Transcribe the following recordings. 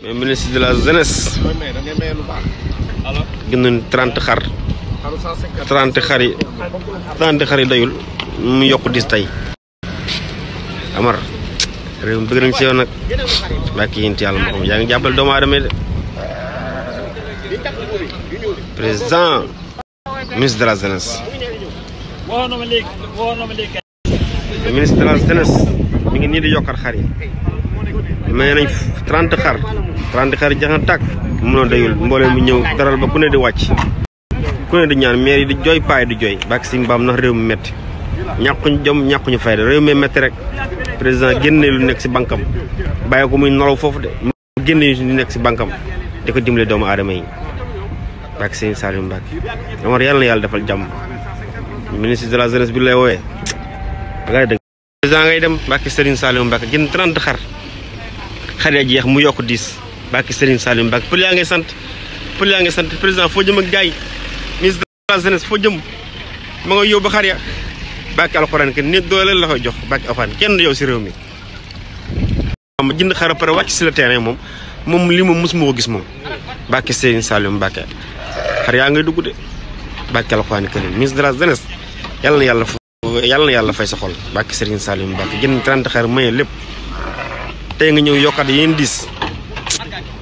mais ministre de la jeunesse. gën nañu trente xar. trente xar yi trente xar yi dayul mu yokk dis tey. Amar réew mi bëgg nañ si yow nag bàkk yi ci yàlla ma xam yaa ngi jàppale doomu aadama yi de président ministre de la jeunesse. ministre de la jeunesse mi ngi nii di yokkal xar yi. may nañ trente xar trente xar jeex na tàkk munoo dayul mboolee mu ñëw daral ba ku ne di wàcc ku ne di ñaan maire yi jooy paay du jooy bak si mbaam ndax réew mu métti ñàkkuñ jom ñàkkuñu fayda réew mi métti rek président génnee lu nekk si bankam bàyyi ko muy nolaw foofu de génnee lu nekk ci bankam di ko dimbale doomu aadama yi bak si Saliou Mbacké amar yàlla na yàlla defal jàmm ministre de la jeunesse bi lay woowee dangay dëgg président ngay dem bàkki Serigne Saliou Mbacké jënd trente xar xar ya jeex mu yokk diis bàkki Serigne Saliou Mbacke pël yaa ngay sant pël yaa ngi sant président foo jëm ak gaay ministre de la jeunesse foo jëm ma nga yóbbu xar ya bàkki alxuraan kenn doole la koy jox bàkki alxuraan kenn yow si réew mi ma jënd xar a pare wàcc le terrain moom moom li moom mosuma gis moom bàkki Serigne Saliou Mbacke yaa ngay dugg de bàkki alxuraan kenn ministre de la jeunesse yàlla na yàlla yàlla na yàlla fay sa xol bàkki Serigne Saliou Mbacke jënd 30 xar lépp tey nga ñëw yokkaat yéen diis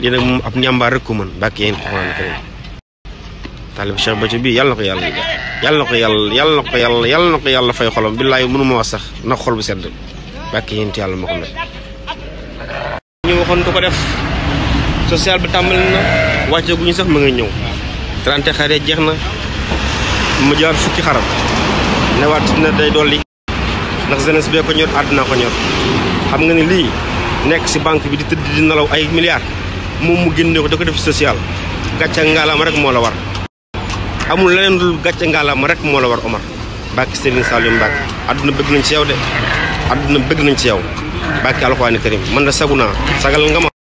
lii nag moom ab njàmbaar rek ko mën bàkk yéen xuraan karim taalib Cheikh Béthio bii yàlla na ko yàlla yàlla na ko yàlla yàlla na ko yàlla yàlla na ko yàlla fay xolam sax na xol bu sedd bàkk yéen ti yàlla moo xam ne bi tàmbali na ñu sax ma nga ñëw jeex na mu jaar fukki xaram newaat na day dolli ndax jeunesse bee ko ñor àdduna xam nga ni lii nekk si banque bi di tëdd di nelaw ay milliards moom mu génne ko da ko def social gàcce ngaalaama rek moo la war. amul leneen lu gàcce ngaalaama rek moo la war Omar bàkki Serigne Saliou Mbacke àdduna bëgg nañ ci yaw de àdduna bëgg nañ ci yow bàkki alxuraani karim man da sagu sagal nga ma.